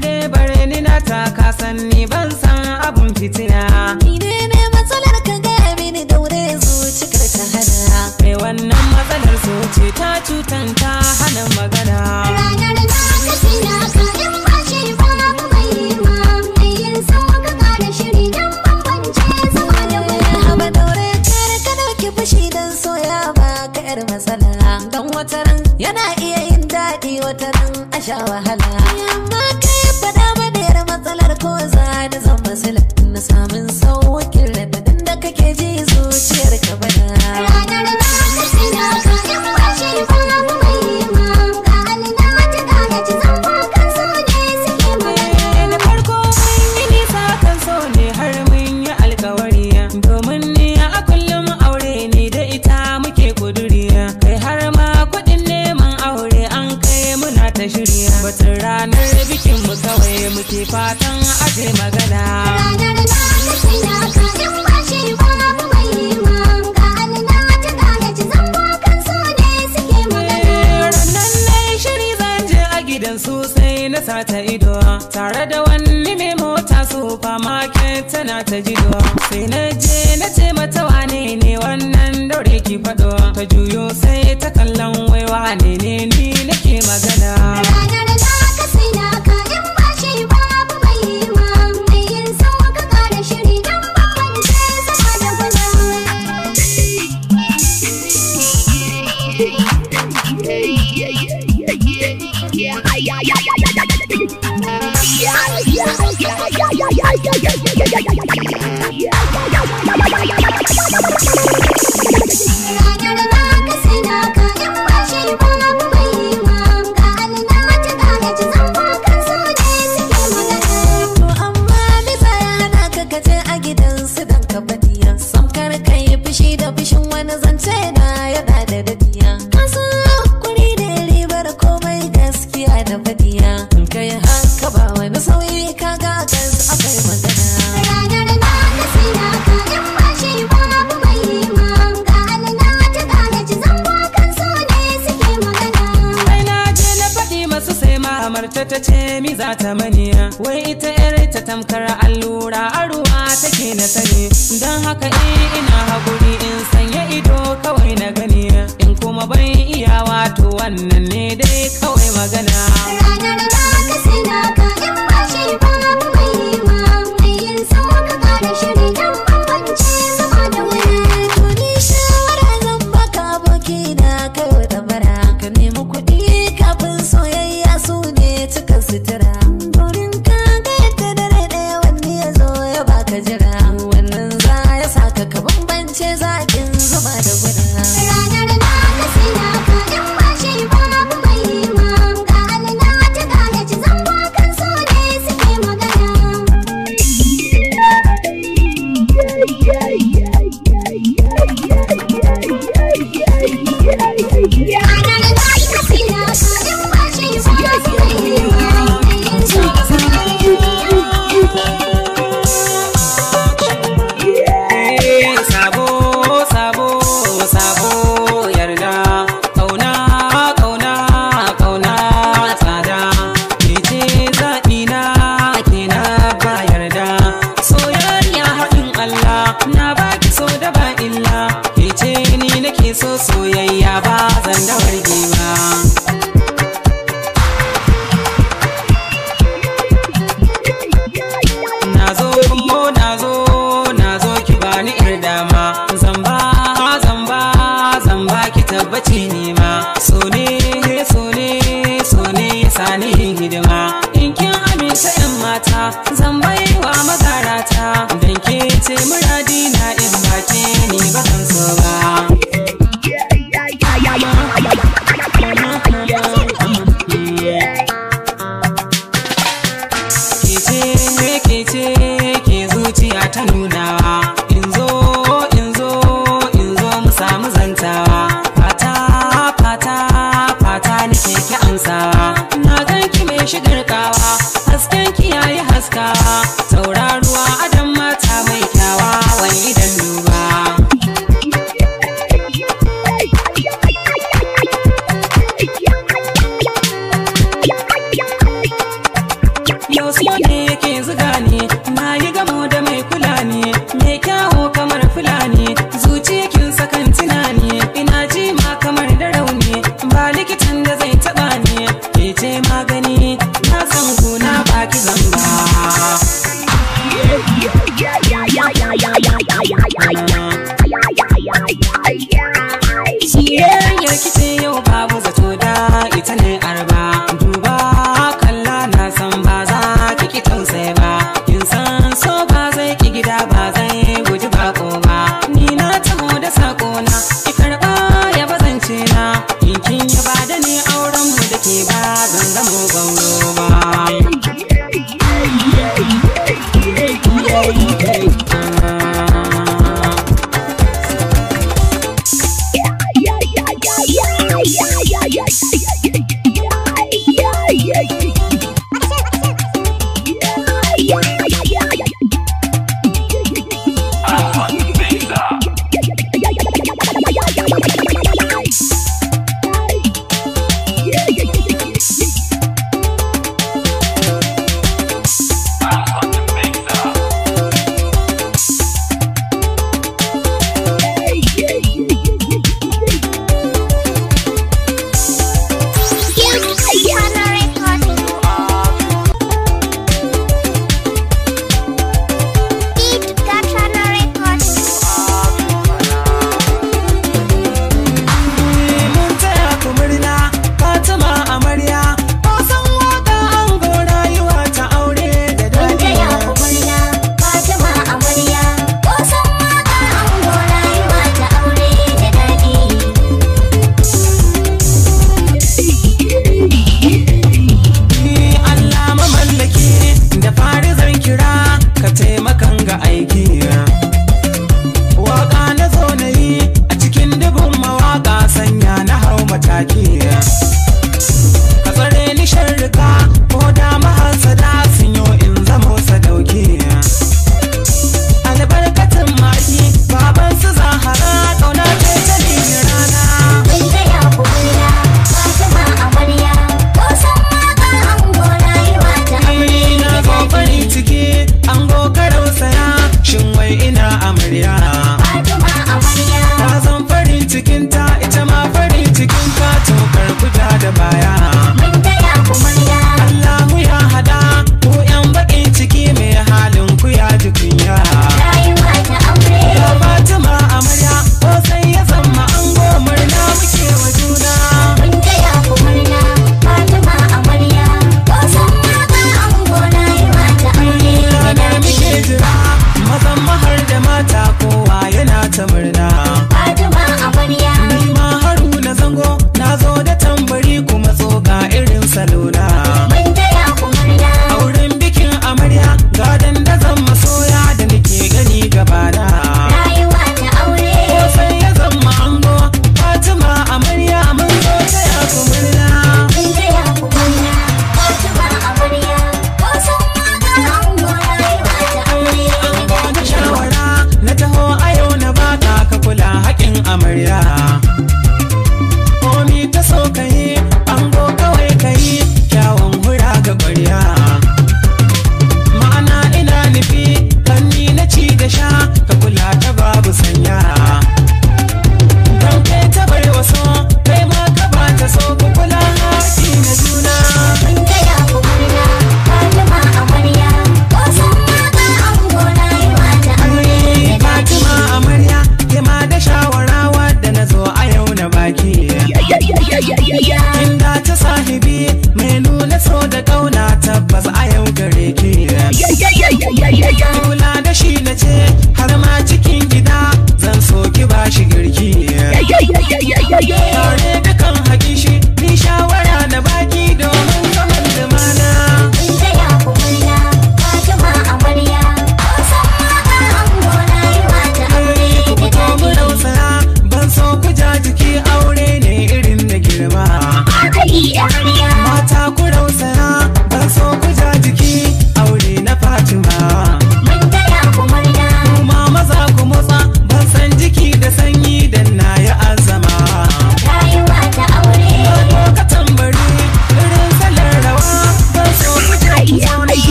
dai bare ni ta kasan ni ban san abun fitina ni matsalar ka gaya mini daure zuciyar ta hana mai wannan matsalar zuci ta cutan ta hana magana ranar na kashi na ka in ba shi yi ma mai yin sama ka kada shiri dan bambance sama da wani haba daure kar ka dauki fushi dan soya ba ka yar matsala dan wataran yana iya yin daɗi wataran a sha wahala idan su sai na sata ido tare da wani mai mota supermarket tana ta jido sai na je na ce mata wane ne wannan daure ki fado ta juyo sai ta kallon waiwa ne ne ni nake magana ita ta ce mi za ta maniya wai ita yar ta tamkar allura a ruwa take na sani don haka eh ina haƙuri in sanya ido kawai na gani in kuma bai iya wato wannan ne dai kawai magana sha'in baki ni ba zan so ba Kece, kece, ke zuciya ta nunawa In zo, in zo, in zo mu samu zantawa Fata, fata, fata nake ki amsawa Na ganki mai shigar kawa Hasken ki yayi haskawa